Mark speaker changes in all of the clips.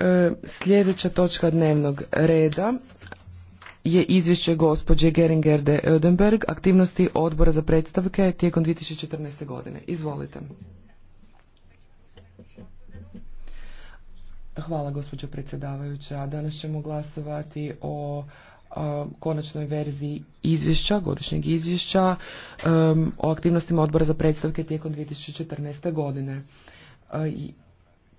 Speaker 1: E, sljedeća točka dnevnog reda je izvješće gospođe Geringer de Ödenberg, aktivnosti odbora za predstavke tijekom 2014. godine. Izvolite. Hvala gospođo predsjedavajuća. Danas ćemo glasovati o konačnoj verziji izvješća, godišnjeg izvješća o aktivnostima odbora za predstavke tijekom 2014. godine. E, i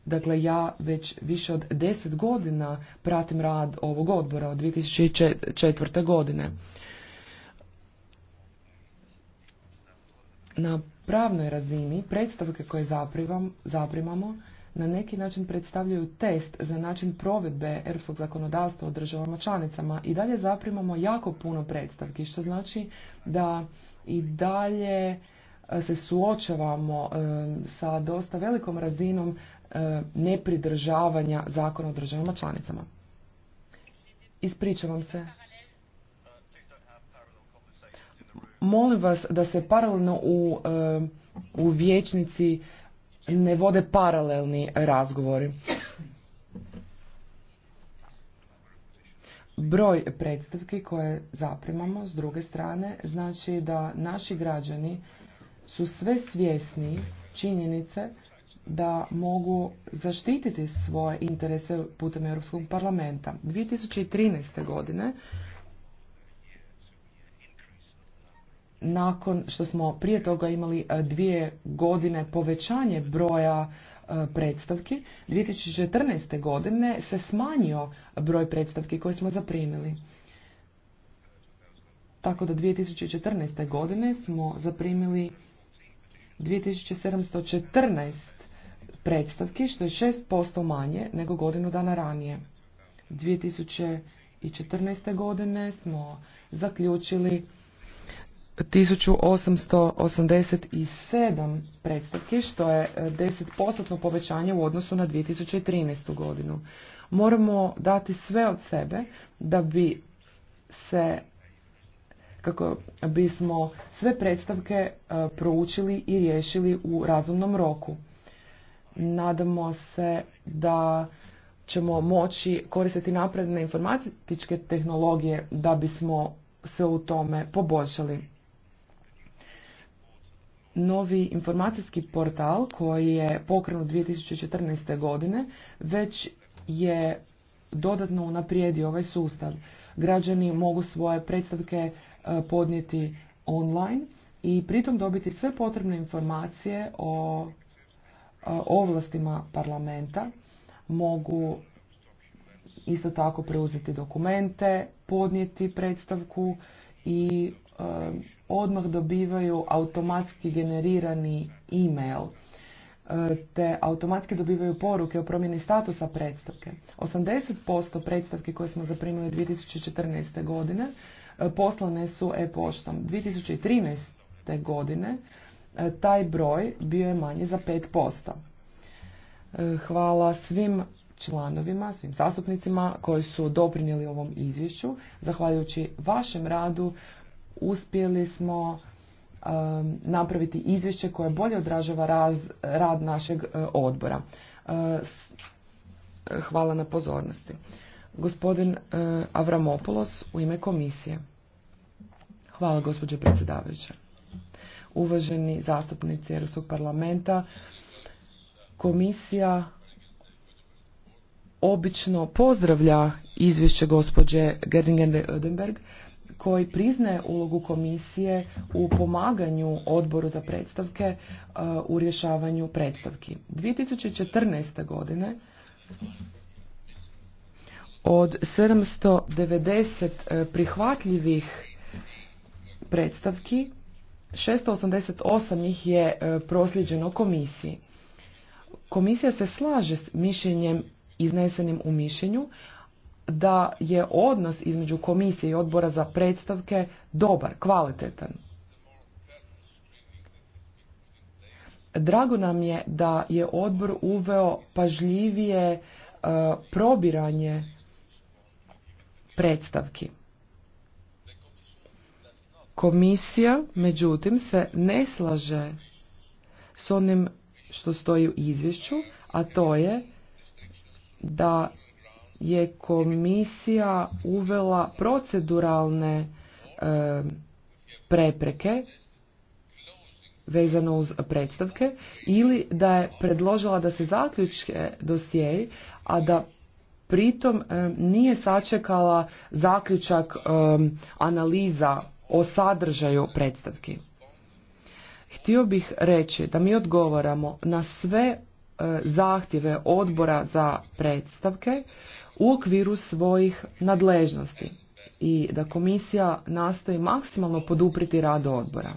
Speaker 1: Dakle, ja već više od deset godina pratim rad ovog odbora od 2004. godine. Na pravnoj razini predstavke koje zaprimamo na neki način predstavljaju test za način provedbe europskog zakonodavstva u državama članicama i dalje zaprimamo jako puno predstavki, što znači da i dalje e, se suočavamo e, sa dosta velikom razinom E, nepridržavanja zakona o državama članicama. Ispričavam se. Molim vas da se paralelno u, e, u vječnici ne vode paralelni razgovori. Broj predstavki koje zaprimamo s druge strane znači da naši građani su sve svjesni činjenice da mogu zaštititi svoje interese putem Europskog parlamenta. 2013. godine nakon što smo prije toga imali e, dvije godine povećanje broja e, predstavki, 2014. godine se smanjio broj predstavki koje smo zaprimili. Tako da 2014. godine smo zaprimili 2714 predstavki, što je 6% manje nego godinu dana ranije. 2014. godine smo zaključili 1887 predstavki, što je 10% e, povećanje u odnosu na 2013. godinu. Moramo dati sve od sebe da bi se kako bismo sve predstavke e, proučili i riješili u razumnom roku nadamo se da ćemo moći koristiti napredne informatičke tehnologije da bismo se u tome poboljšali. Novi informacijski portal koji je pokrenut 2014. godine već je dodatno unaprijedio ovaj sustav. Građani mogu svoje predstavke e, podnijeti online i pritom dobiti sve potrebne informacije o E, ovlastima parlamenta mogu isto tako preuzeti dokumente, podnijeti predstavku i e, odmah dobivaju automatski generirani e-mail e, te automatski dobivaju poruke o promjeni statusa predstavke. 80% predstavke koje smo zaprimili 2014. godine poslane su e-poštom. 2013. godine E, taj broj bio je manji za 5%. E, hvala svim članovima, svim zastupnicima koji su doprinijeli ovom izvješću. Zahvaljujući vašem radu uspjeli smo napraviti izvješće koje bolje odražava rad našeg e, odbora. hvala na pozornosti. Gospodin Avramopoulos u ime komisije. Hvala gospođo predsjedavajuća uvaženi zastupnici Europskog parlamenta. Komisija obično pozdravlja izvješće gospođe Gerdingen-Odenberg koji priznaje ulogu komisije u pomaganju odboru za predstavke e, u rješavanju predstavki. 2014. godine od 790 e, prihvatljivih predstavki 688 ih je e, prosljeđeno komisiji. Komisija se slaže s mišljenjem iznesenim u mišljenju da je odnos između komisije i odbora za predstavke dobar, kvalitetan. Drago nam je da je odbor uveo pažljivije e, probiranje predstavki. Komisija, međutim, se ne slaže s onim što stoji u izvješću, a to je da je komisija uvela proceduralne e, prepreke vezano uz predstavke ili da je predložila da se zaključke dosjeji, a da pritom e, nije sačekala zaključak e, analiza o sadržaju predstavki. Htio bih reći da mi odgovaramo na sve e, zahtjeve odbora za predstavke u okviru svojih nadležnosti i da komisija nastoji maksimalno podupriti rad odbora.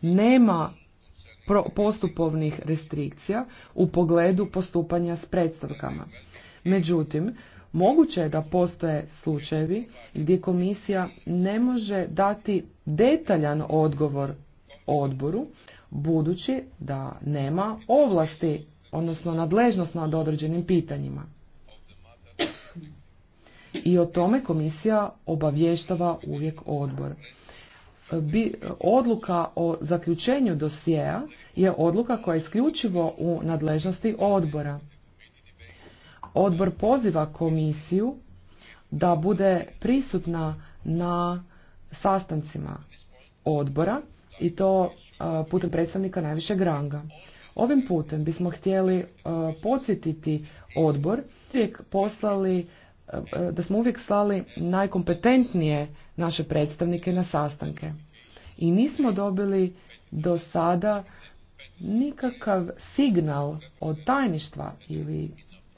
Speaker 1: Nema postupovnih restrikcija u pogledu postupanja s predstavkama. Međutim, Moguće je da postoje slučajevi gdje komisija ne može dati detaljan odgovor odboru, budući da nema ovlasti, odnosno nadležnost nad određenim pitanjima. I o tome komisija obavještava uvijek odbor. Bi, odluka o zaključenju dosjeja je odluka koja je isključivo u nadležnosti odbora. Odbor poziva komisiju da bude prisutna na sastancima odbora i to e, putem predstavnika najvišeg ranga. Ovim putem bismo htjeli e, podsjetiti odbor uvijek poslali e, da smo uvijek slali najkompetentnije naše predstavnike na sastanke. I nismo dobili do sada nikakav signal od tajništva ili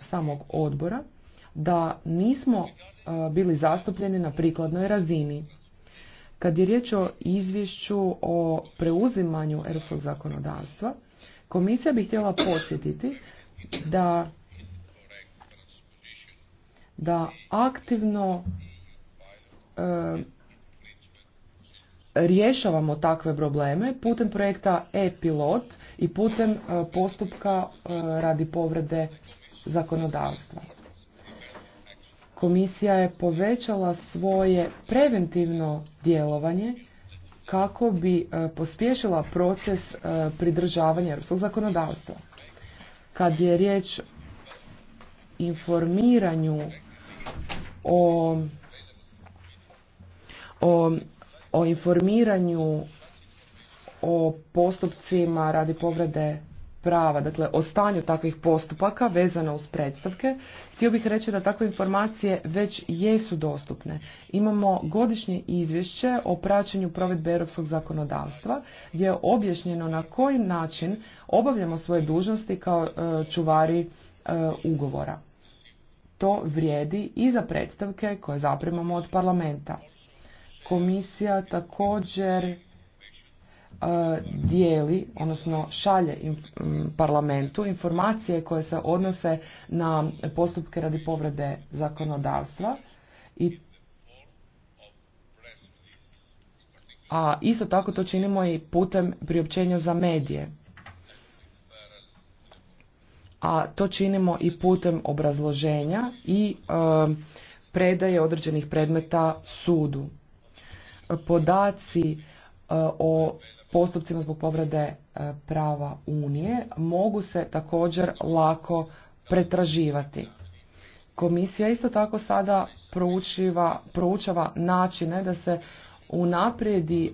Speaker 1: samog odbora da nismo e, bili zastupljeni na prikladnoj razini. Kad je riječ o izvješću o preuzimanju europskog zakonodavstva, komisija bi htjela podsjetiti da da aktivno e, rješavamo takve probleme putem projekta e-pilot i putem e, postupka radi povrede zakonodavstva. Komisija je povećala svoje preventivno djelovanje kako bi e, pospješila proces e, pridržavanja europskog zakonodavstva. Kad je riječ informiranju o, o, o informiranju o postupcima radi povrede prava, dakle o stanju takvih postupaka vezano uz predstavke, htio bih reći da takve informacije već jesu dostupne. Imamo godišnje izvješće o praćenju provedbe europskog zakonodavstva gdje je objašnjeno na koji način obavljamo svoje dužnosti kao e, čuvari e, ugovora. To vrijedi i za predstavke koje zaprimamo od parlamenta. Komisija također E, dijeli, odnosno šalje parlamentu informacije koje se odnose na postupke radi povrede zakonodavstva i a isto tako to činimo i putem priopćenja za medije. A to činimo i putem obrazloženja i e, predaje određenih predmeta sudu. Podaci e, o postupcima zbog povrede e, prava Unije mogu se također lako pretraživati. Komisija isto tako sada proučava načine da se unaprijedi e,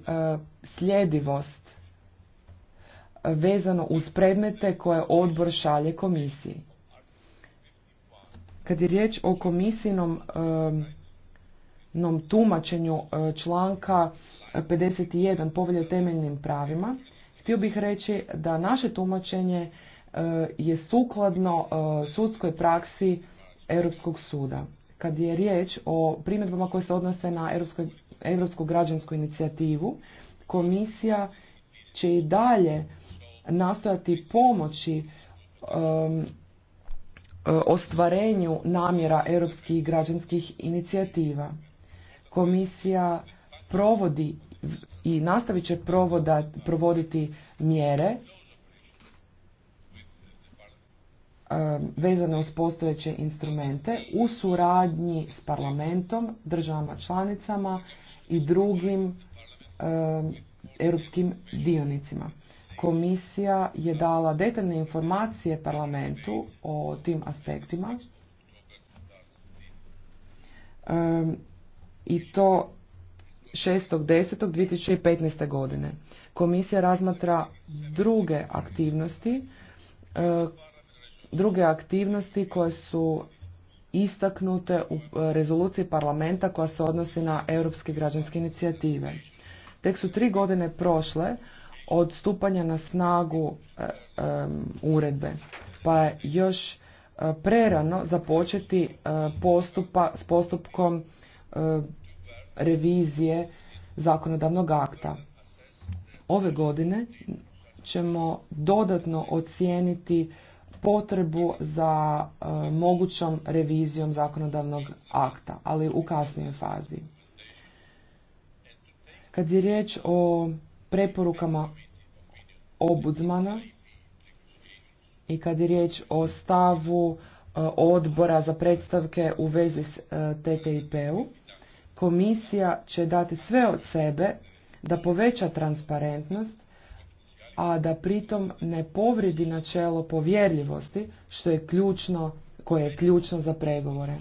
Speaker 1: sljedivost e, vezano uz predmete koje odbor šalje komisiji. Kad je riječ o komisijnom tumačenju članka 51 povelje o temeljnim pravima, htio bih reći da naše tumačenje e, je sukladno e, sudskoj praksi Europskog suda. Kad je riječ o primjedbama koje se odnose na Europsku građansku inicijativu, komisija će i dalje nastojati pomoći e, ostvarenju namjera europskih građanskih inicijativa. Komisija provodi i nastavit će provoda, provoditi mjere um, vezane uz postojeće instrumente u suradnji s parlamentom, državama članicama i drugim um, europskim dionicima. Komisija je dala detaljne informacije parlamentu o tim aspektima um, i to 6.10.2015. godine. Komisija razmatra druge aktivnosti, e, druge aktivnosti koje su istaknute u rezoluciji parlamenta koja se odnosi na europske građanske inicijative. Tek su tri godine prošle od stupanja na snagu e, uredbe, pa je još e, prerano započeti s postupkom revizije zakonodavnog akta. Ove godine ćemo dodatno ocijeniti potrebu za e, mogućom revizijom zakonodavnog akta, ali u kasnijoj fazi. Kad je riječ o preporukama obudzmana i kad je riječ o stavu e, odbora za predstavke u vezi s e, TTIP-u, Komisija će dati sve od sebe da poveća transparentnost, a da pritom ne povridi načelo povjerljivosti, što je ključno, koje je ključno za pregovore.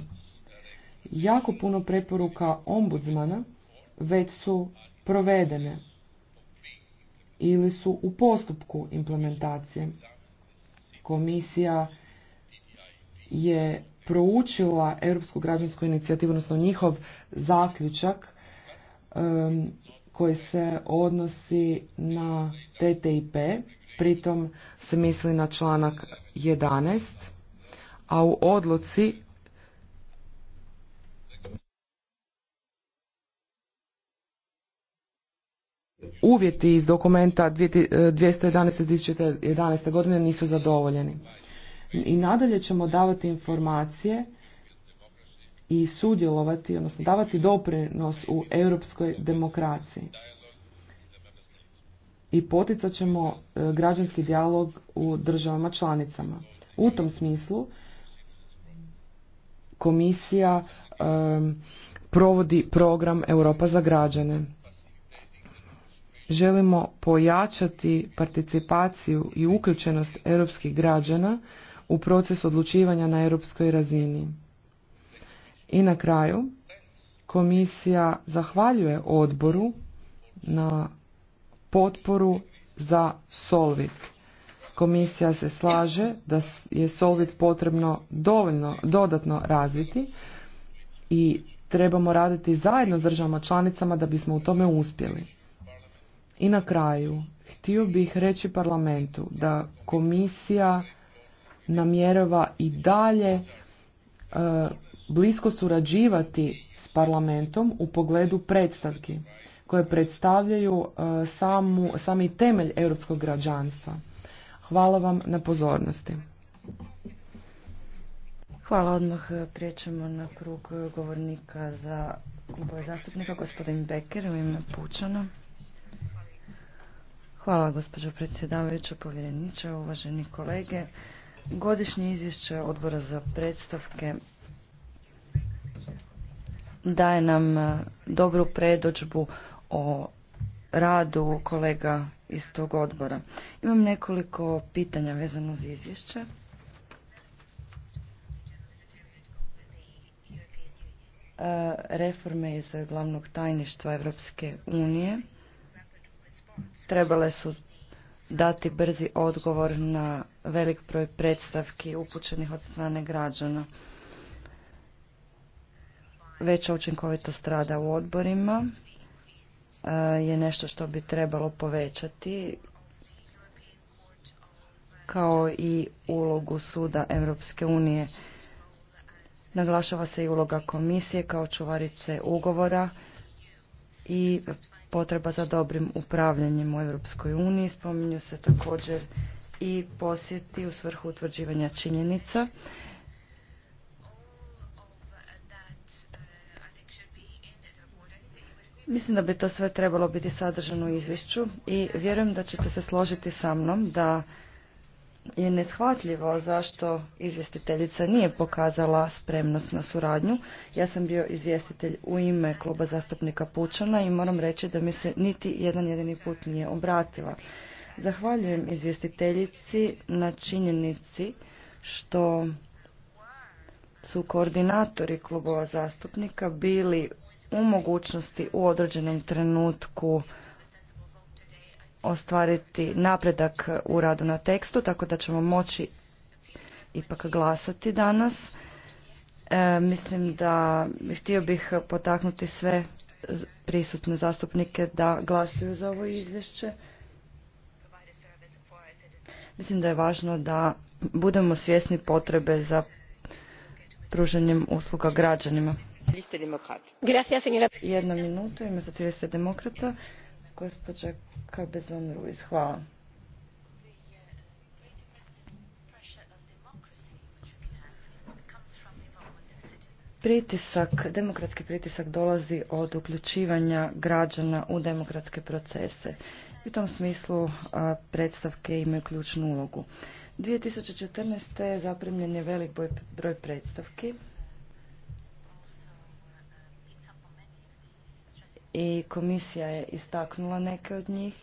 Speaker 1: Jako puno preporuka ombudsmana već su provedene ili su u postupku implementacije. Komisija je proučila Europsku građansku inicijativu, odnosno njihov zaključak koji se odnosi na TTIP, pritom se misli na članak 11, a u odluci uvjeti iz dokumenta 211. 2011. godine nisu zadovoljeni i nadalje ćemo davati informacije i sudjelovati, odnosno davati doprinos u europskoj demokraciji. I poticat ćemo e, građanski dijalog u državama članicama. U tom smislu komisija e, provodi program Europa za građane. Želimo pojačati participaciju i uključenost europskih građana u proces odlučivanja na europskoj razini. I na kraju, komisija zahvaljuje odboru na potporu za Solvit. Komisija se slaže da je Solvit potrebno dovoljno dodatno razviti i trebamo raditi zajedno s državama članicama da bismo u tome uspjeli. I na kraju, htio bih reći parlamentu da komisija Namjerova i dalje e, blisko surađivati s parlamentom u pogledu predstavki koje predstavljaju e, samu, sami temelj europskog građanstva. Hvala vam na pozornosti.
Speaker 2: Hvala odmah. E, prijećemo na krug govornika za klubove zastupnika. Gospodin Becker u ime Pučana. Hvala gospođo predsjedavajuća, povjereniče, uvaženi kolege. Godišnje izvješće odbora za predstavke daje nam e, dobru predođbu o radu kolega iz tog odbora. Imam nekoliko pitanja vezano za izvješće. E, reforme iz glavnog tajništva Europske unije trebale su dati brzi odgovor na velik broj predstavki upućenih od strane građana. Veća učinkovitost rada u odborima e, je nešto što bi trebalo povećati kao i ulogu suda Europske unije. Naglašava se i uloga komisije kao čuvarice ugovora i potreba za dobrim upravljanjem u Europskoj uniji. Spominju se također i posjeti u svrhu utvrđivanja činjenica. Mislim da bi to sve trebalo biti sadržano u izvješću i vjerujem da ćete se složiti sa mnom da je neshvatljivo zašto izvjestiteljica nije pokazala spremnost na suradnju. Ja sam bio izvjestitelj u ime kluba zastupnika Pučana i moram reći da mi se niti jedan jedini put nije obratila. Zahvaljujem izvjestiteljici na činjenici što su koordinatori klubova zastupnika bili u mogućnosti u određenom trenutku ostvariti napredak u radu na tekstu, tako da ćemo moći ipak glasati danas. E, mislim da htio bih potaknuti sve prisutne zastupnike da glasuju za ovo izvješće. Mislim da je važno da budemo svjesni potrebe za pružanjem usluga građanima. Jedna minuta, ime za 30 demokrata. Gospođa Cabezon Ruiz, hvala. Pritisak, demokratski pritisak dolazi od uključivanja građana u demokratske procese. U tom smislu predstavke imaju ključnu ulogu. 2014. zaprimljen je velik broj predstavki, i komisija je istaknula neke od njih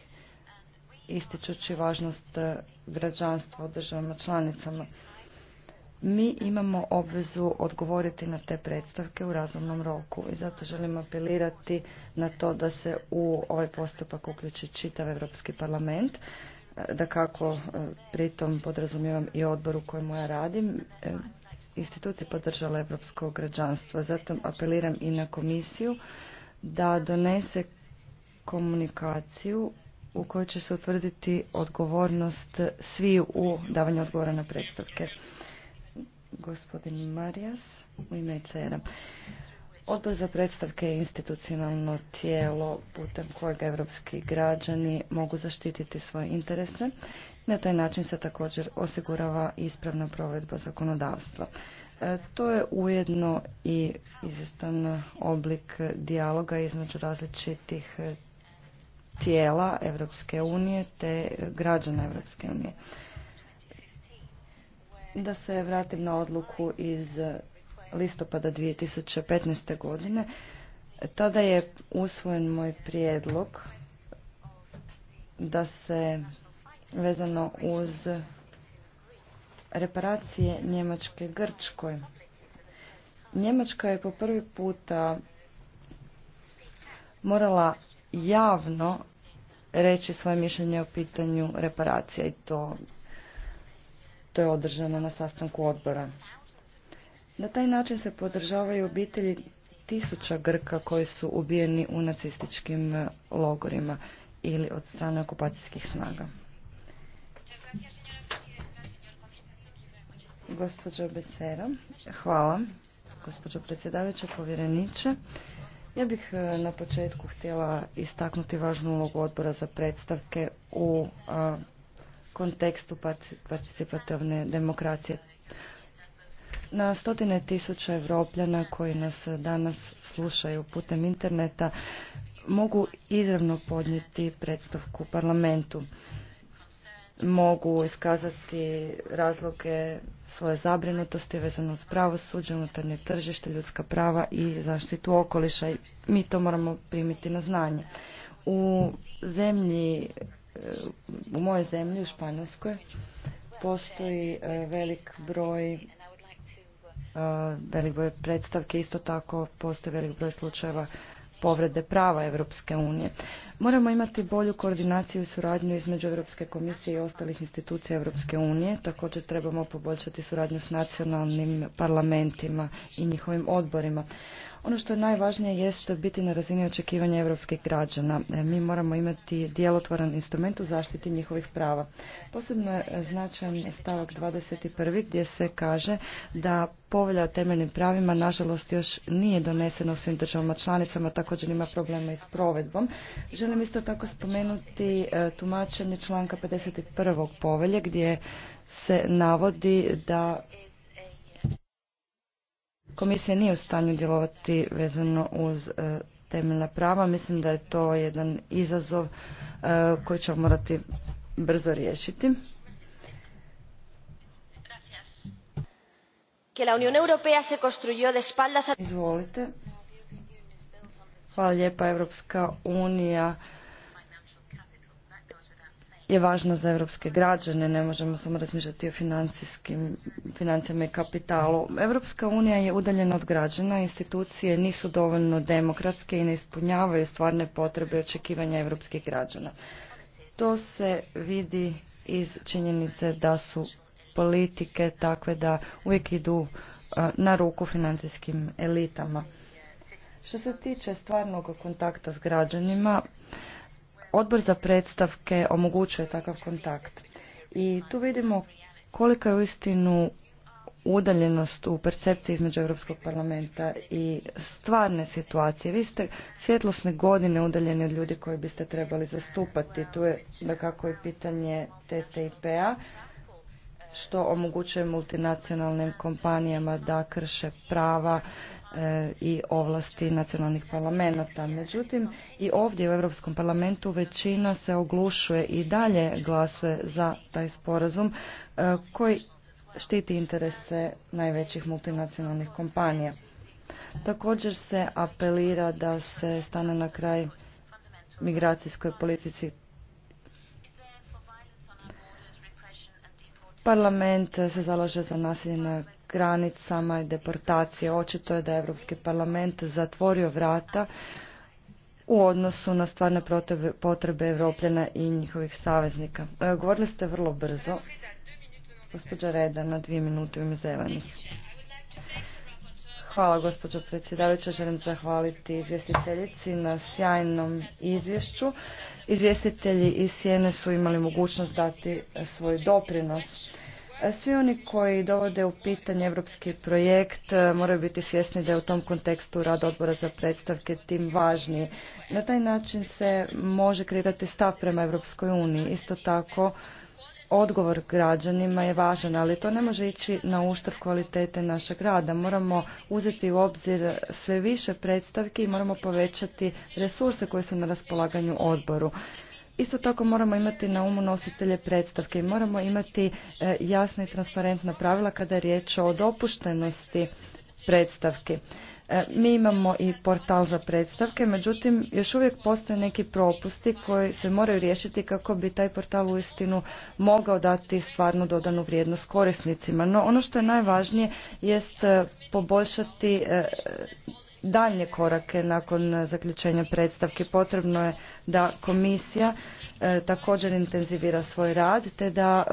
Speaker 2: ističući važnost e, građanstva u državama članicama. Mi imamo obvezu odgovoriti na te predstavke u razumnom roku i zato želim apelirati na to da se u ovaj postupak uključi čitav Europski parlament, e, da kako e, pritom podrazumijevam i odbor u kojemu ja radim, institucije podržale Europsko građanstvo. Zato apeliram i na komisiju da donese komunikaciju u kojoj će se utvrditi odgovornost svi u davanju odgovora na predstavke. Gospodin Marijas u ime icr Odbor za predstavke je institucionalno tijelo putem kojeg evropski građani mogu zaštititi svoje interese. Na taj način se također osigurava ispravna provedba zakonodavstva. E, to je ujedno i izvjestan oblik dijaloga između različitih e, tijela Europske unije te građana Europske unije. Da se vratim na odluku iz listopada 2015. godine, tada je usvojen moj prijedlog da se vezano uz reparacije Njemačke Grčkoj. Njemačka je po prvi puta morala javno reći svoje mišljenje o pitanju reparacija i to, to je održano na sastanku odbora. Na taj način se podržavaju obitelji tisuća Grka koji su ubijeni u nacističkim logorima ili od strane okupacijskih snaga. Gospođo Becero, hvala. Gospođo predsjedavajuća, povjereniče. Ja bih e, na početku htjela istaknuti važnu ulogu odbora za predstavke u e, kontekstu participativne demokracije. Na stotine tisuća evropljana koji nas danas slušaju putem interneta mogu izravno podnijeti predstavku parlamentu. Mogu iskazati razloge svoje zabrinutosti vezano uz pravosuđe, unutarnje tržište, ljudska prava i zaštitu okoliša i mi to moramo primiti na znanje. U zemlji, u mojoj zemlji, u Španjolskoj, postoji e, velik broj e, velik broj predstavke, isto tako postoji velik broj slučajeva povrede prava Europske unije. Moramo imati bolju koordinaciju i suradnju između Europske komisije i ostalih institucija Europske unije. Također trebamo poboljšati suradnju s nacionalnim parlamentima i njihovim odborima. Ono što je najvažnije jest biti na razini očekivanja europskih građana. E, mi moramo imati djelotvoran instrument u zaštiti njihovih prava. Posebno je značajan stavak 21. gdje se kaže da povelja o temeljnim pravima nažalost još nije donesena u svim državama članicama, također ima problema i s provedbom. Želim isto tako spomenuti e, tumačenje članka 51. povelje gdje se navodi da komisija nije u stanju djelovati vezano uz e, temeljna prava. Mislim da je to jedan izazov e, koji ćemo morati brzo riješiti.
Speaker 3: Que la
Speaker 2: se Izvolite. Hvala lijepa. Evropska unija je važna za europske građane, ne možemo samo razmišljati o financijskim, financijama i kapitalu. Europska unija je udaljena od građana, institucije nisu dovoljno demokratske i ne ispunjavaju stvarne potrebe i očekivanja europskih građana. To se vidi iz činjenice da su politike takve da uvijek idu na ruku financijskim elitama. Što se tiče stvarnog kontakta s građanima, odbor za predstavke omogućuje takav kontakt. I tu vidimo kolika je uistinu udaljenost u percepciji između Europskog parlamenta i stvarne situacije. Vi ste svjetlosne godine udaljeni od ljudi koji biste trebali zastupati. Tu je da kako i pitanje TTIP-a što omogućuje multinacionalnim kompanijama da krše prava E, i ovlasti nacionalnih parlamenta. Međutim, i ovdje u Europskom parlamentu većina se oglušuje i dalje glasuje za taj sporazum e, koji štiti interese najvećih multinacionalnih kompanija. Također se apelira da se stane na kraj migracijskoj politici Parlament se zalaže za nasilje granicama i deportacije. Očito je da je Europski parlament zatvorio vrata u odnosu na stvarne potrebe Evropljena i njihovih saveznika. E, govorili ste vrlo brzo. Gospođa Reda na dvije minute u Hvala gospođo predsjedavajuća. Želim zahvaliti izvjestiteljici na sjajnom izvješću. Izvjestitelji iz Sjene su imali mogućnost dati svoj doprinos svi oni koji dovode u pitanje europski projekt e, moraju biti svjesni da je u tom kontekstu rad odbora za predstavke tim važniji. Na taj način se može kreirati stav prema Europskoj uniji. Isto tako odgovor građanima je važan, ali to ne može ići na uštrb kvalitete našeg rada. Moramo uzeti u obzir sve više predstavki i moramo povećati resurse koje su na raspolaganju odboru. Isto tako moramo imati na umu nositelje predstavke i moramo imati e, jasna i transparentna pravila kada je riječ o dopuštenosti predstavke. E, mi imamo i portal za predstavke, međutim još uvijek postoje neki propusti koji se moraju riješiti kako bi taj portal uistinu mogao dati stvarno dodanu vrijednost korisnicima. No ono što je najvažnije jest e, poboljšati daljnje korake nakon zaključenja predstavke. Potrebno je da komisija e, također intenzivira svoj rad te da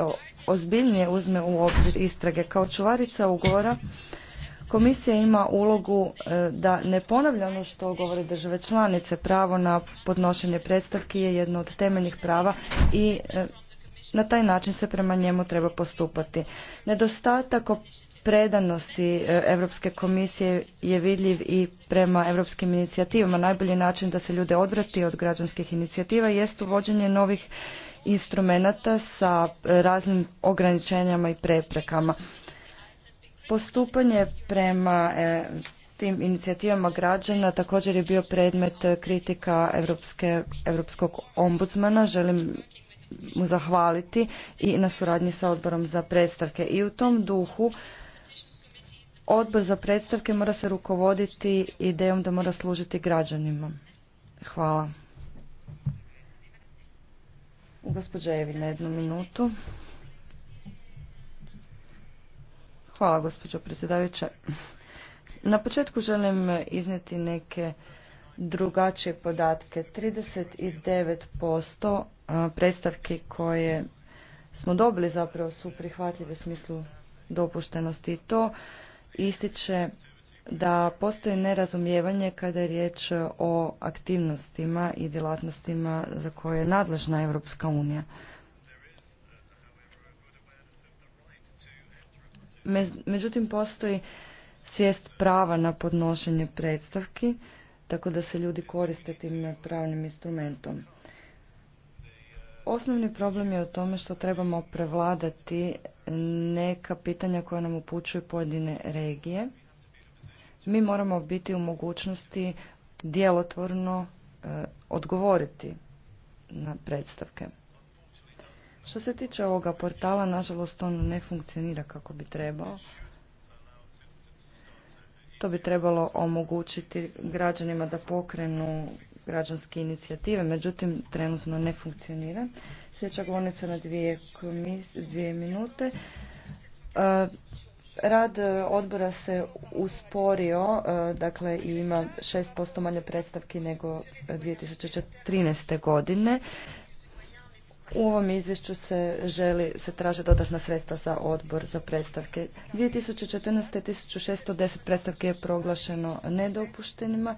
Speaker 2: ozbiljnije uzme u obzir istrage. Kao čuvarica ugovora Komisija ima ulogu e, da ne ponavlja ono što govore države članice. Pravo na podnošenje predstavki je jedno od temeljnih prava i e, na taj način se prema njemu treba postupati. Nedostatak predanosti Europske komisije je vidljiv i prema europskim inicijativama. Najbolji način da se ljude odvrati od građanskih inicijativa jest uvođenje novih instrumenata sa e, raznim ograničenjama i preprekama. Postupanje prema e, tim inicijativama građana također je bio predmet e, kritika Europskog ombudsmana. Želim mu zahvaliti i na suradnji sa odborom za predstavke. I u tom duhu Odbor za predstavke mora se rukovoditi idejom da mora služiti građanima. Hvala. Evi na jednu minutu. Hvala, gospođo predsjedavajuća. Na početku želim iznijeti neke drugačije podatke. 39% predstavke koje smo dobili zapravo su prihvatljive u smislu dopuštenosti i to ističe da postoji nerazumijevanje kada je riječ o aktivnostima i djelatnostima za koje je nadležna Europska unija. Međutim, postoji svijest prava na podnošenje predstavki, tako da se ljudi koriste tim pravnim instrumentom. Osnovni problem je u tome što trebamo prevladati neka pitanja koja nam upućuju pojedine regije. Mi moramo biti u mogućnosti djelotvorno e, odgovoriti na predstavke. Što se tiče ovoga portala, nažalost on ne funkcionira kako bi trebao. To bi trebalo omogućiti građanima da pokrenu građanske inicijative, međutim trenutno ne funkcionira. Sljedeća govornica na dvije, dvije minute. E, rad e, odbora se usporio, e, dakle ima 6% manje predstavki nego 2013. godine. U ovom izvješću se želi, se traže dodatna sredstva za odbor za predstavke. 2014. 1610 predstavke je proglašeno nedopuštenima,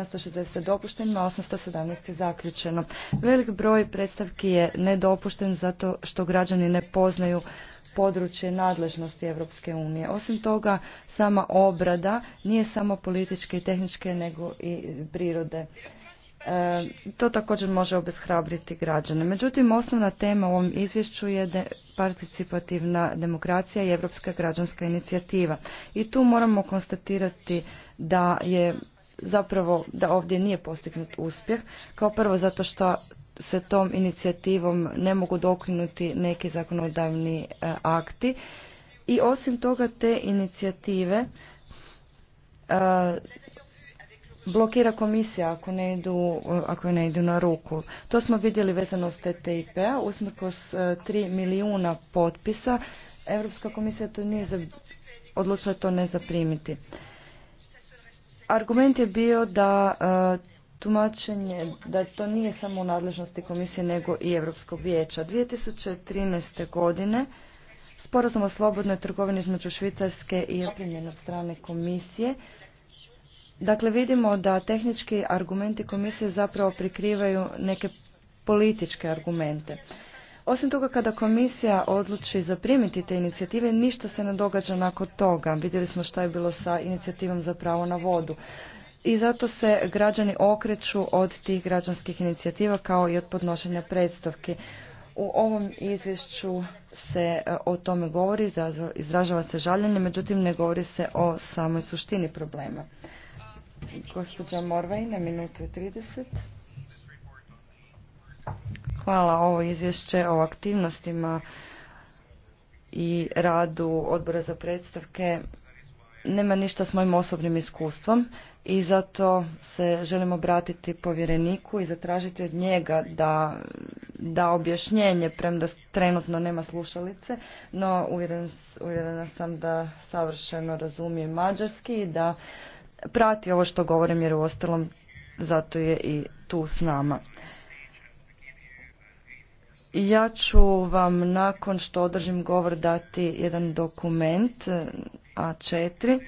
Speaker 2: 760 dopušteno, 817 je zaključeno. Velik broj predstavki je nedopušten zato što građani ne poznaju područje nadležnosti Europske unije. Osim toga, sama obrada nije samo političke i tehničke, nego i prirode. E, to također može obeshrabriti građane. Međutim, osnovna tema u ovom izvješću je participativna demokracija i Europska građanska inicijativa. I tu moramo konstatirati da je zapravo da ovdje nije postignut uspjeh. Kao prvo zato što se tom inicijativom ne mogu dokinuti neki zakonodavni e, akti i osim toga te inicijative e, blokira komisija ako ne idu, ako ne idu na ruku. To smo vidjeli vezano s TTIP-a, usmrkos 3 e, milijuna potpisa. Europska komisija to nije odlučila to ne zaprimiti argument je bio da e, tumačenje da to nije samo u nadležnosti komisije nego i Europskog vijeća. 2013. godine sporazum o slobodnoj trgovini između Švicarske i opremljen od strane komisije. Dakle, vidimo da tehnički argumenti komisije zapravo prikrivaju neke političke argumente. Osim toga, kada komisija odluči zaprimiti te inicijative, ništa se ne događa nakon toga. Vidjeli smo što je bilo sa inicijativom za pravo na vodu. I zato se građani okreću od tih građanskih inicijativa kao i od podnošenja predstavke. U ovom izvješću se e, o tome govori, izražava se žaljenje, međutim ne govori se o samoj suštini problema. Gospođa Morvaj na minutu i 30. Hvala ovo izvješće o aktivnostima i radu odbora za predstavke nema ništa s mojim osobnim iskustvom i zato se želim obratiti povjereniku i zatražiti od njega da da objašnjenje, premda trenutno nema slušalice, no uvjerena sam da savršeno razumije mađarski i da prati ovo što govorim jer uostalom zato je i tu s nama. Ja ću vam nakon što održim govor dati jedan dokument A4,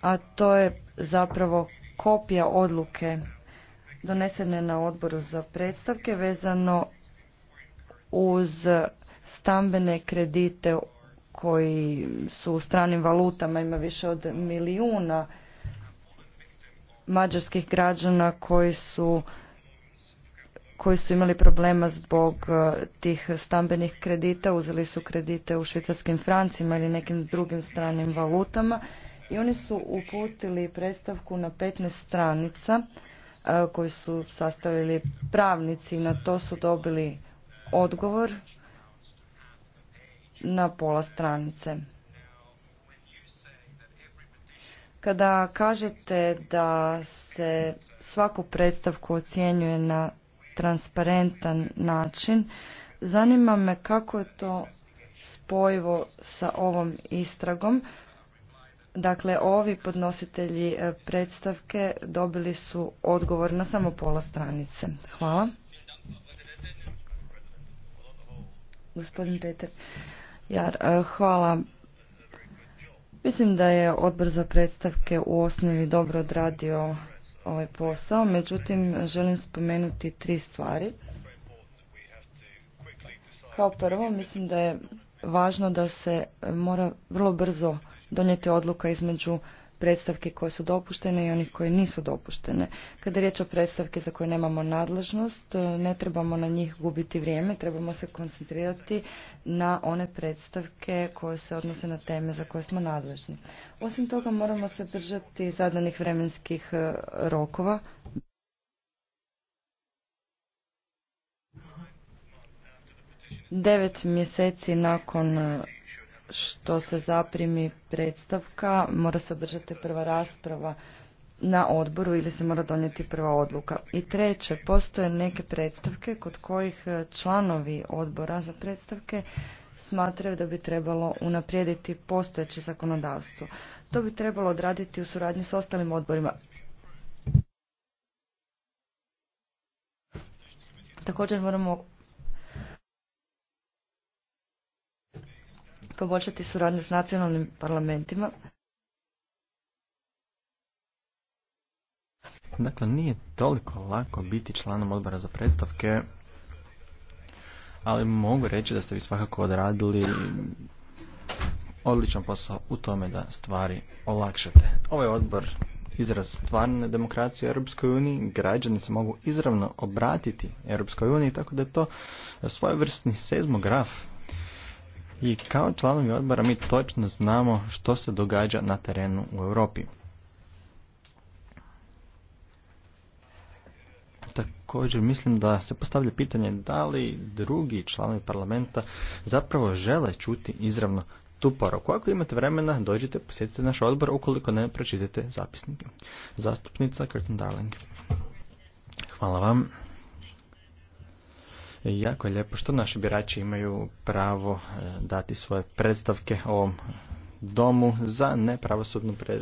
Speaker 2: a to je zapravo kopija odluke donesene na odboru za predstavke vezano uz stambene kredite koji su u stranim valutama, ima više od milijuna mađarskih građana koji su koji su imali problema zbog e, tih stambenih kredita, uzeli su kredite u švicarskim francima ili nekim drugim stranim valutama i oni su uputili predstavku na 15 stranica e, koji su sastavili pravnici i na to su dobili odgovor na pola stranice. Kada kažete da se svaku predstavku ocjenjuje na transparentan način. Zanima me kako je to spojivo sa ovom istragom. Dakle, ovi podnositelji e, predstavke dobili su odgovor na samo pola stranice. Hvala. Gospodin Peter. E, hvala. Mislim da je odbor za predstavke u osnovi dobro odradio ovaj posao, međutim želim spomenuti tri stvari. Kao prvo, mislim da je važno da se mora vrlo brzo donijeti odluka između predstavke koje su dopuštene i onih koje nisu dopuštene. Kada je riječ o predstavke za koje nemamo nadležnost, e, ne trebamo na njih gubiti vrijeme, trebamo se koncentrirati na one predstavke koje se odnose na teme za koje smo nadležni. Osim toga moramo se držati zadanih vremenskih e, rokova. Devet mjeseci nakon e, što se zaprimi predstavka mora se održati prva rasprava na odboru ili se mora donijeti prva odluka. I treće, postoje neke predstavke kod kojih e, članovi odbora za predstavke smatraju da bi trebalo unaprijediti postojeće zakonodavstvo. To bi trebalo odraditi u suradnji s ostalim odborima. Također moramo poboljšati suradnju s nacionalnim parlamentima.
Speaker 3: Dakle, nije toliko lako biti članom odbora za predstavke, ali mogu reći da ste vi svakako odradili odličan posao u tome da stvari olakšate. Ovaj odbor izraz stvarne demokracije u Europskoj uniji, građani se mogu izravno obratiti Europskoj uniji, tako da je to svojevrsni sezmograf i kao članovi odbora mi točno znamo što se događa na terenu u Europi. Također mislim da se postavlja pitanje da li drugi članovi parlamenta zapravo žele čuti izravno tu poruku. Ako imate vremena, dođite, posjetite naš odbor, ukoliko ne, pročitate zapisnike. Zastupnica Curtin Darling. Hvala vam. Jako je lijepo što naši birači imaju pravo e, dati svoje predstavke ovom domu za nepravosudnu e,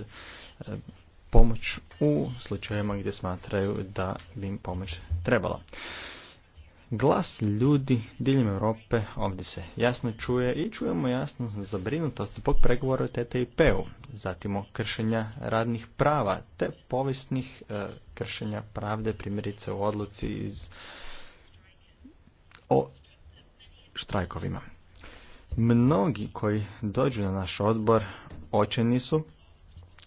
Speaker 3: pomoć u slučajevima gdje smatraju da bi im pomoć trebala. Glas ljudi diljem Europe ovdje se jasno čuje i čujemo jasno zabrinutost zbog pregovora o TTIP-u, zatim o kršenja radnih prava te povijesnih e, kršenja pravde primjerice u odluci iz o štrajkovima. Mnogi koji dođu na naš odbor očeni su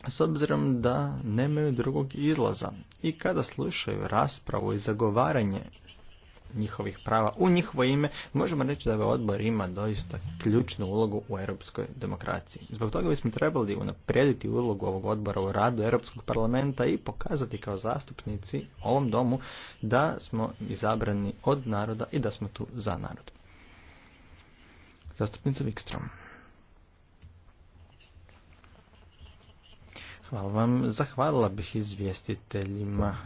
Speaker 3: s obzirom da nemaju drugog izlaza i kada slušaju raspravu i zagovaranje njihovih prava u njihovo ime, možemo reći da ovaj odbor ima doista ključnu ulogu u europskoj demokraciji. Zbog toga bismo trebali unaprijediti ulogu ovog odbora u radu Europskog parlamenta i pokazati kao zastupnici ovom domu da smo izabrani od naroda i da smo tu za narod. Zastupnica Wikstrom. Hvala vam. Zahvalila bih izvjestiteljima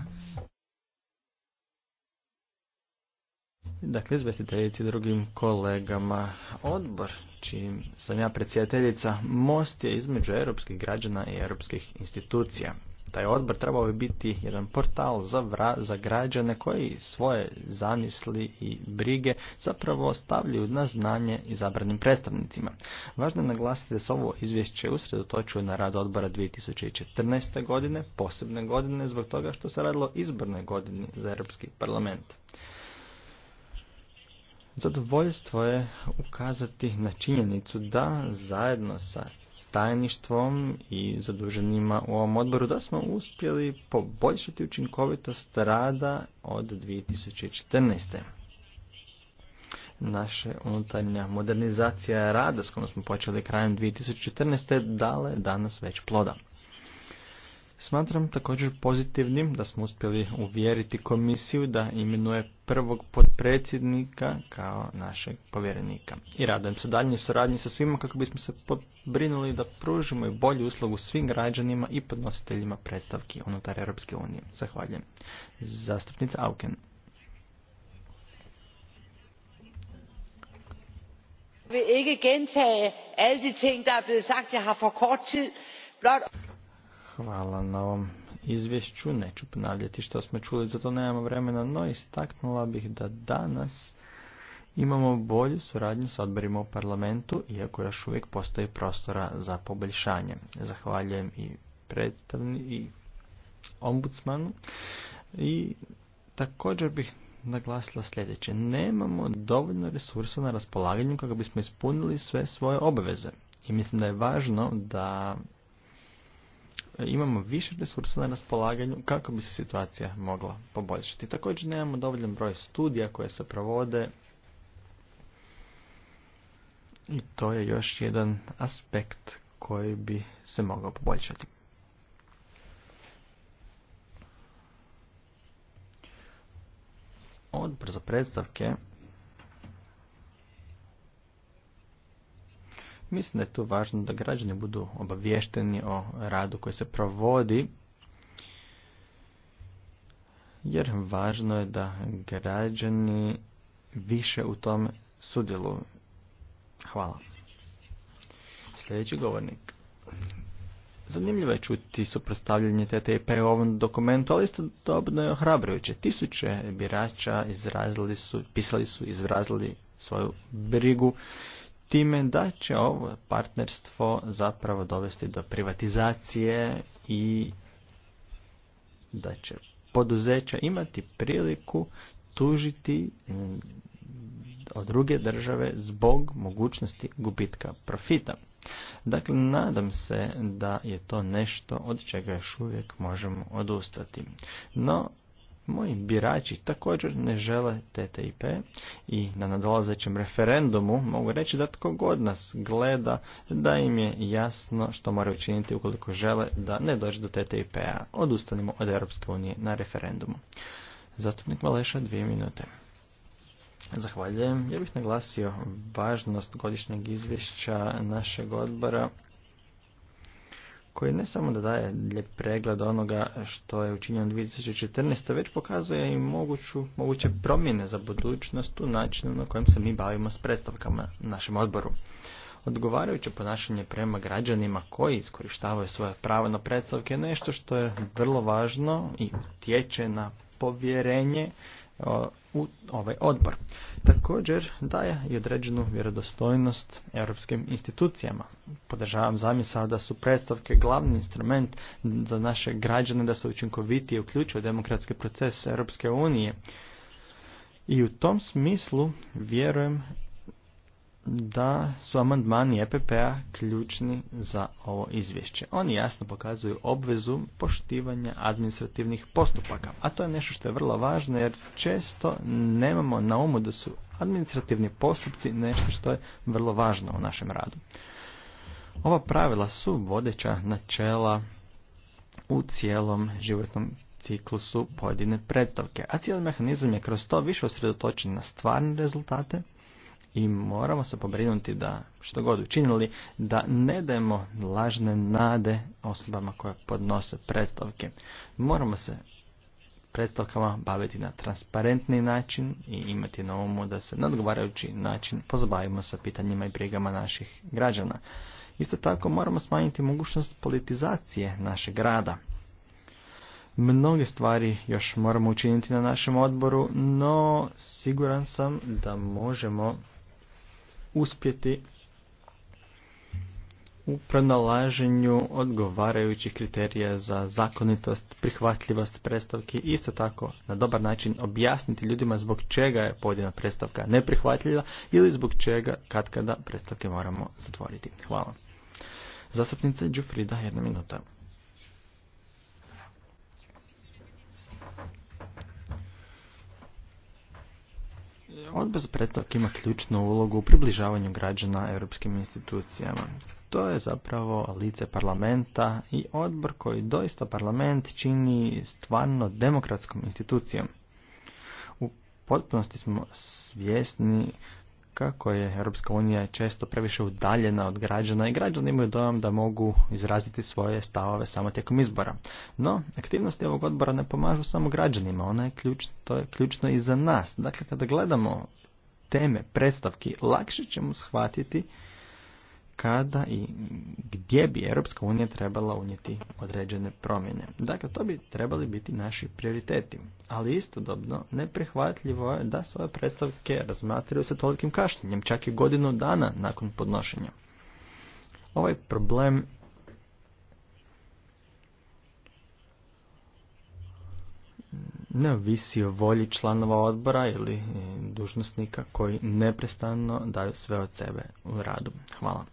Speaker 3: Dakle, izvestiteljici drugim kolegama. Odbor, čim sam ja predsjedateljica, most je između europskih građana i europskih institucija. Taj odbor trebao bi biti jedan portal za, za građane koji svoje zamisli i brige zapravo stavljaju na znanje izabranim predstavnicima. Važno je naglasiti da se ovo izvješće usredotočuje na rad odbora 2014. godine, posebne godine, zbog toga što se radilo izbornoj godini za Europski parlament. Zadovoljstvo je ukazati na činjenicu da zajedno sa tajništvom i zaduženima u ovom odboru da smo uspjeli poboljšati učinkovitost rada od 2014. Naša unutarnja modernizacija rada s kojom smo počeli krajem 2014. dala danas već ploda. Smatram također pozitivnim da smo uspjeli uvjeriti komisiju da imenuje prvog potpredsjednika kao našeg povjerenika. I radujem se daljnje suradnji sa svima kako bismo se pobrinuli da pružimo i bolju uslugu svim građanima i podnositeljima predstavki unutar Europske unije. Zahvaljujem. Zastupnica Auken. Hvala na ovom izvješću, neću ponavljati što smo čuli, zato nemamo vremena, no istaknula bih da danas imamo bolju suradnju sa odborima u parlamentu, iako još uvijek postoji prostora za poboljšanje. Zahvaljujem i predstavni i ombudsmanu i također bih naglasila sljedeće. Nemamo dovoljno resursa na raspolaganju kako bismo ispunili sve svoje obaveze. I mislim da je važno da E, imamo više resursa na raspolaganju kako bi se situacija mogla poboljšati. Također nemamo dovoljan broj studija koje se provode i to je još jedan aspekt koji bi se mogao poboljšati. Odbor za predstavke Mislim da je tu važno da građani budu obavješteni o radu koji se provodi, jer važno je da građani više u tom sudjelu. Hvala. Sljedeći govornik. Zanimljivo je čuti suprotstavljanje TTIP u ovom dokumentu, ali isto dobno je ohrabrujuće. Tisuće birača izrazili su, pisali su, izrazili svoju brigu time da će ovo partnerstvo zapravo dovesti do privatizacije i da će poduzeća imati priliku tužiti mm, od druge države zbog mogućnosti gubitka profita. Dakle, nadam se da je to nešto od čega još uvijek možemo odustati. No, Moji birači također ne žele TTIP i na nadolazećem referendumu mogu reći da tko god nas gleda da im je jasno što moraju učiniti ukoliko žele da ne dođe do TTIP-a. Odustanimo od Europske unije na referendumu. Zastupnik Maleša, dvije minute. Zahvaljujem. Ja bih naglasio važnost godišnjeg izvješća našeg odbora koji ne samo da daje ljep pregled onoga što je učinjeno 2014. već pokazuje i moguću, moguće promjene za budućnost u načinu na kojem se mi bavimo s predstavkama našem odboru. Odgovarajuće ponašanje prema građanima koji iskorištavaju svoje pravo na predstavke je nešto što je vrlo važno i utječe na povjerenje u ovaj odbor. Također daje i određenu vjerodostojnost europskim institucijama. Podržavam zamisao da su predstavke glavni instrument za naše građane da se učinkovitije uključuju demokratski proces Europske unije. I u tom smislu vjerujem da su amandmani EPP-a ključni za ovo izvješće. Oni jasno pokazuju obvezu poštivanja administrativnih postupaka, a to je nešto što je vrlo važno jer često nemamo na umu da su administrativni postupci nešto što je vrlo važno u našem radu. Ova pravila su vodeća načela u cijelom životnom ciklusu pojedine predstavke, a cijeli mehanizam je kroz to više osredotočen na stvarne rezultate, i moramo se pobrinuti da što god učinili da ne dajemo lažne nade osobama koje podnose predstavke. Moramo se predstavkama baviti na transparentni način i imati na umu da se na odgovarajući način pozabavimo sa pitanjima i brigama naših građana. Isto tako moramo smanjiti mogućnost politizacije našeg rada. Mnoge stvari još moramo učiniti na našem odboru, no siguran sam da možemo uspjeti u pronalaženju odgovarajućih kriterija za zakonitost, prihvatljivost predstavki i isto tako na dobar način objasniti ljudima zbog čega je pojedina predstavka neprihvatljiva ili zbog čega katkada predstavke moramo zatvoriti. Hvala. Zastupnica Đufrida, jedna minuta. Odbor za predstavak ima ključnu ulogu u približavanju građana europskim institucijama. To je zapravo lice parlamenta i odbor koji doista parlament čini stvarno demokratskom institucijom. U potpunosti smo svjesni kako je Europska unija često previše udaljena od građana i građani imaju dojam da mogu izraziti svoje stavove samo tijekom izbora. No, aktivnosti ovog odbora ne pomažu samo građanima, ona je ključ, to je ključno i za nas. Dakle, kada gledamo teme predstavki, lakše ćemo shvatiti kada i gdje bi Europska unija trebala unijeti određene promjene. Dakle, to bi trebali biti naši prioriteti. Ali istodobno, neprihvatljivo je da svoje predstavke razmatraju sa tolikim kašnjenjem, čak i godinu dana nakon podnošenja. Ovaj problem ne ovisi o volji članova odbora ili dužnosnika koji neprestano daju sve od sebe u radu. Hvala.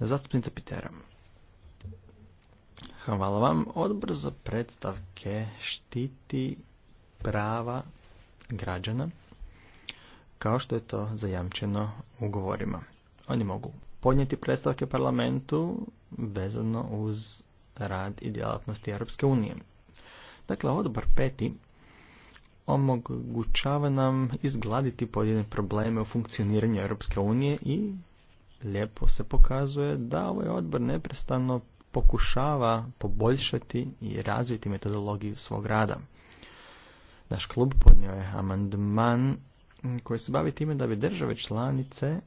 Speaker 3: Zastupnica Pitera. Hvala vam. Odbor za predstavke štiti prava građana kao što je to zajamčeno ugovorima. Oni mogu podnijeti predstavke parlamentu vezano uz rad i djelatnosti Europske unije. Dakle, odbor peti omogućava nam izgladiti pojedine probleme u funkcioniranju Europske unije i lijepo se pokazuje da ovaj odbor neprestano pokušava poboljšati i razviti metodologiju svog rada. Naš klub podnio je amandman koji se bavi time da bi države članice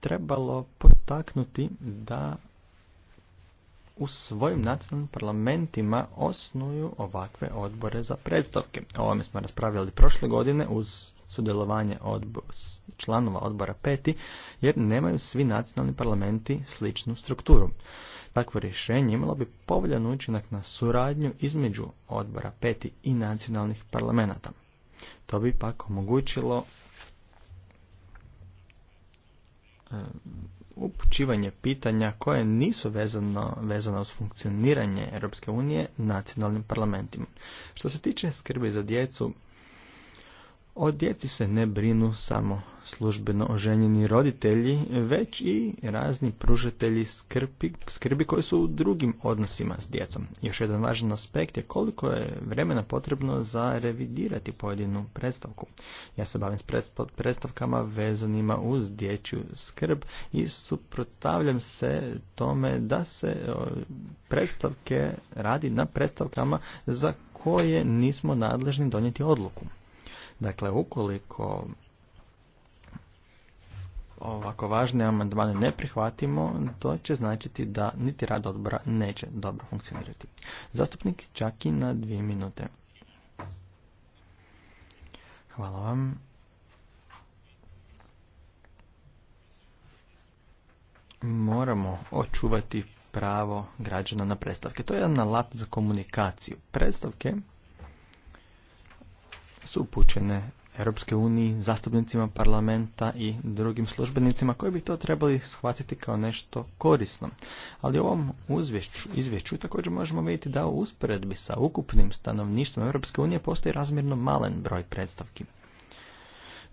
Speaker 3: trebalo potaknuti da u svojim nacionalnim parlamentima osnuju ovakve odbore za predstavke. O ovome smo raspravljali prošle godine uz sudjelovanje odbo članova odbora peti, jer nemaju svi nacionalni parlamenti sličnu strukturu. Takvo rješenje imalo bi povoljan učinak na suradnju između odbora peti i nacionalnih parlamenta. To bi pak omogućilo upućivanje pitanja koje nisu vezano, vezano uz funkcioniranje Europske unije nacionalnim parlamentima. Što se tiče skrbi za djecu, o djeci se ne brinu samo službeno oženjeni roditelji, već i razni pružatelji skrbi, skrbi koji su u drugim odnosima s djecom. Još jedan važan aspekt je koliko je vremena potrebno za revidirati pojedinu predstavku. Ja se bavim s predstavkama vezanima uz dječju skrb i suprotstavljam se tome da se predstavke radi na predstavkama za koje nismo nadležni donijeti odluku. Dakle, ukoliko ovako važne amandmane ne prihvatimo, to će značiti da niti rad odbora neće dobro funkcionirati. Zastupnik i na dvije minute. Hvala vam. Moramo očuvati pravo građana na predstavke. To je jedan alat za komunikaciju. Predstavke su upućene Europske uniji, zastupnicima parlamenta i drugim službenicima koji bi to trebali shvatiti kao nešto korisno. Ali u ovom uzvješću, izvješću također možemo vidjeti da u usporedbi sa ukupnim stanovništvom Europske unije postoji razmjerno malen broj predstavki.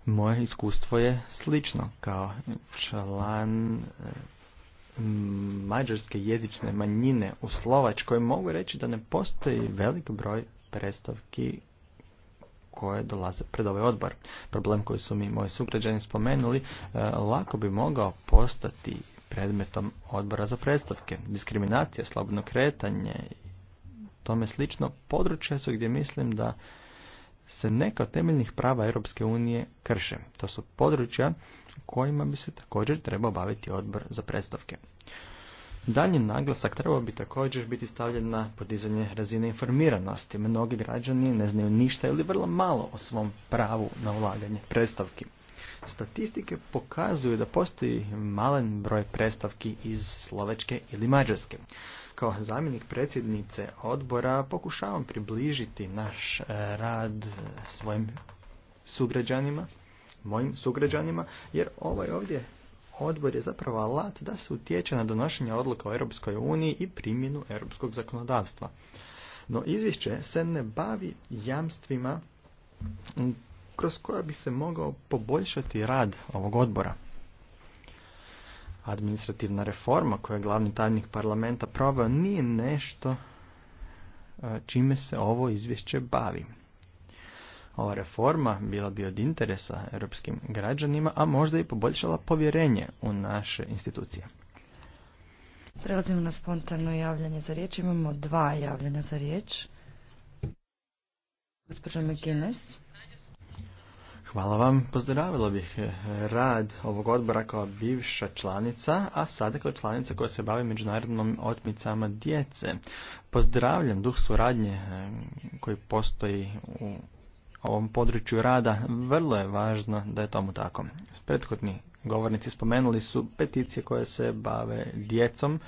Speaker 3: Moje iskustvo je slično kao član eh, mađarske jezične manjine u Slovačkoj mogu reći da ne postoji velik broj predstavki koje dolaze pred ovaj odbor. Problem koji su mi moji sugrađani spomenuli e, lako bi mogao postati predmetom odbora za predstavke. Diskriminacija, slobodno kretanje i tome slično područja su gdje mislim da se neka od temeljnih prava Europske unije krše. To su područja kojima bi se također trebao baviti odbor za predstavke. Dalji naglasak trebao bi također biti stavljen na podizanje razine informiranosti. Mnogi građani ne znaju ništa ili vrlo malo o svom pravu na ulaganje predstavki. Statistike pokazuju da postoji malen broj predstavki iz Slovačke ili Mađarske. Kao zamjenik predsjednice odbora pokušavam približiti naš e, rad svojim sugrađanima, mojim sugrađanima, jer ovaj ovdje odbor je zapravo alat da se utječe na donošenje odluka o Europskoj uniji i primjenu europskog zakonodavstva. No izvješće se ne bavi jamstvima kroz koja bi se mogao poboljšati rad ovog odbora. Administrativna reforma koju je glavni tajnik parlamenta proveo nije nešto e, čime se ovo izvješće bavi. Ova reforma bila bi od interesa europskim građanima, a možda i poboljšala povjerenje u naše institucije.
Speaker 2: Prelazimo na spontano javljanje za riječ. Imamo dva javljanja za riječ. Gospođa
Speaker 3: Hvala vam. Pozdravilo bih eh, rad ovog odbora kao bivša članica, a sada kao članica koja se bavi međunarodnom otmicama djece. Pozdravljam duh suradnje eh, koji postoji u ovom području rada, vrlo je važno da je tomu tako. Prethodni govornici spomenuli su peticije koje se bave djecom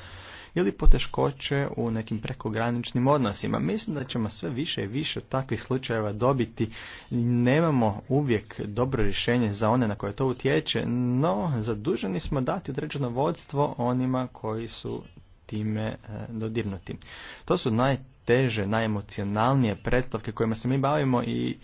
Speaker 3: ili poteškoće u nekim prekograničnim odnosima. Mislim da ćemo sve više i više takvih slučajeva dobiti. Nemamo uvijek dobro rješenje za one na koje to utječe, no zaduženi smo dati određeno vodstvo onima koji su time eh, dodirnuti. To su naj Teže, najemocionalnije predstavke kojima se mi bavimo i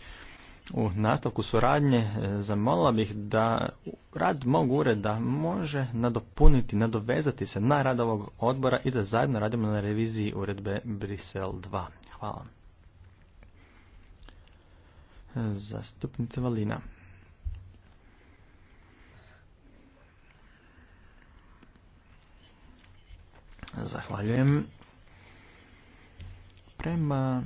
Speaker 3: u nastavku suradnje e, zamolila bih da rad mog ureda može nadopuniti, nadovezati se na rad ovog odbora i da zajedno radimo na reviziji uredbe Brisel 2. Hvala. E, Zastupnica Valina. Zahvaljujem. Prema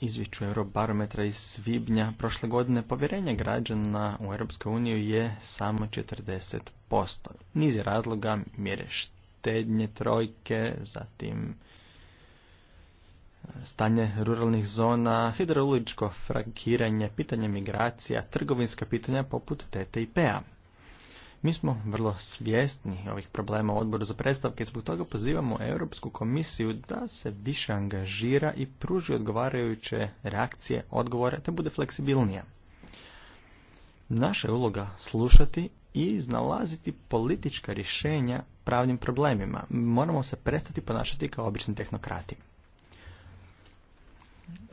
Speaker 3: izvješću Eurobarometra iz svibnja prošle godine povjerenje građana u EU je samo 40%. Niz je razloga mjere štednje trojke, zatim e, stanje ruralnih zona, hidrauličko frankiranje pitanje migracija, trgovinska pitanja poput TTIP-a. Mi smo vrlo svjesni ovih problema u odboru za predstavke i zbog toga pozivamo Europsku komisiju da se više angažira i pruži odgovarajuće reakcije, odgovore, te bude fleksibilnija. Naša je uloga slušati i iznalaziti politička rješenja pravnim problemima. Moramo se prestati ponašati kao obični tehnokrati.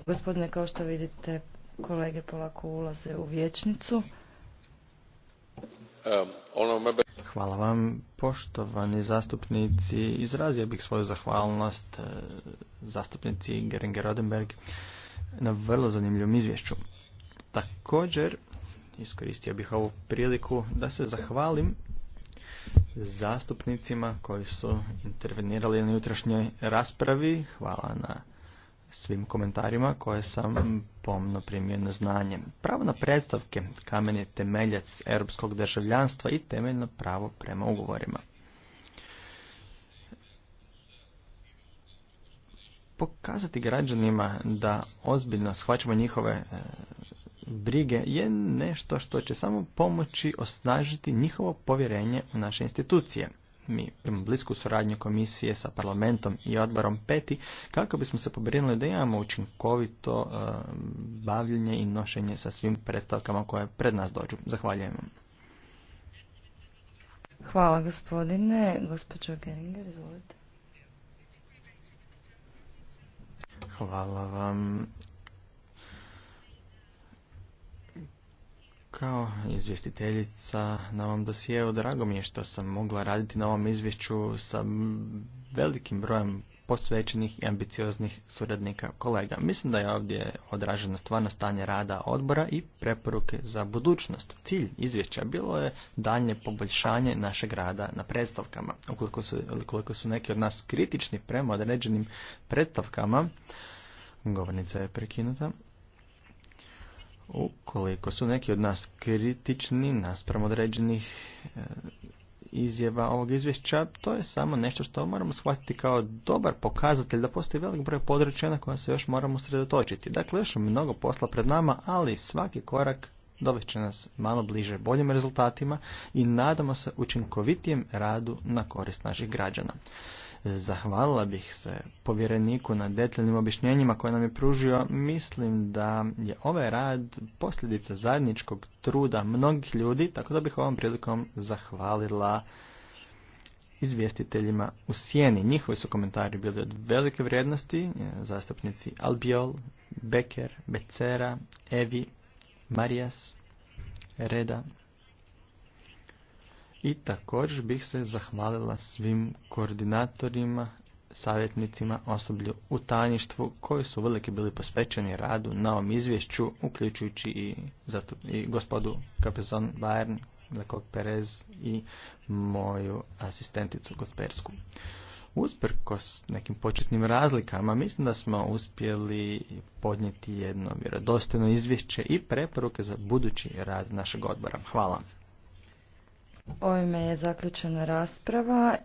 Speaker 2: Gospodine, kao što vidite, kolege polako ulaze u vječnicu.
Speaker 3: Um, ono, Hvala vam, poštovani zastupnici. Izrazio bih svoju zahvalnost e, zastupnici Geringer Rodenberg na vrlo zanimljivom izvješću. Također, iskoristio bih ovu priliku da se zahvalim zastupnicima koji su intervenirali na jutrašnjoj raspravi. Hvala na svim komentarima koje sam pomno primio na znanje. Pravo na predstavke, kamen je temeljac europskog državljanstva i temeljno pravo prema ugovorima. Pokazati građanima da ozbiljno shvaćamo njihove e, brige je nešto što će samo pomoći osnažiti njihovo povjerenje u naše institucije. Mi imamo blisku suradnju komisije sa parlamentom i odborom peti kako bismo se pobrinuli da imamo učinkovito e, bavljenje i nošenje sa svim predstavkama koje pred nas dođu. Zahvaljujem vam.
Speaker 2: Hvala gospodine. Gospođo Geringer, izvolite.
Speaker 3: Hvala vam Kao izvjestiteljica na ovom dosijeu, drago mi je što sam mogla raditi na ovom izvješću sa velikim brojem posvećenih i ambicioznih suradnika kolega. Mislim da je ovdje odraženo stvarno stanje rada odbora i preporuke za budućnost. Cilj izvješća bilo je daljnje poboljšanje našeg rada na predstavkama. Ukoliko su, ukoliko su neki od nas kritični prema određenim predstavkama, govornica je prekinuta, Ukoliko su neki od nas kritični naspram određenih e, izjava ovog izvješća, to je samo nešto što moramo shvatiti kao dobar pokazatelj da postoji velik broj područja na koja se još moramo sredotočiti. Dakle, još mnogo posla pred nama, ali svaki korak dovest će nas malo bliže boljim rezultatima i nadamo se učinkovitijem radu na korist naših građana. Zahvalila bih se povjereniku na detaljnim objašnjenjima koje nam je pružio. Mislim da je ovaj rad posljedica zajedničkog truda mnogih ljudi, tako da bih ovom prilikom zahvalila izvjestiteljima u sjeni. Njihovi su komentari bili od velike vrijednosti, zastupnici Albiol, Becker, Becera, Evi, Marijas, Reda, i također bih se zahvalila svim koordinatorima, savjetnicima, osoblju u tajništvu koji su veliki bili posvećeni radu na ovom izvješću, uključujući i, i gospodu Kapezon Bayern, Lekog Perez i moju asistenticu Gospersku. Usprkos nekim početnim razlikama, mislim da smo uspjeli podnijeti jedno vjerodostojno izvješće i preporuke za budući rad našeg odbora. Hvala.
Speaker 2: Ovime je zaključena rasprava.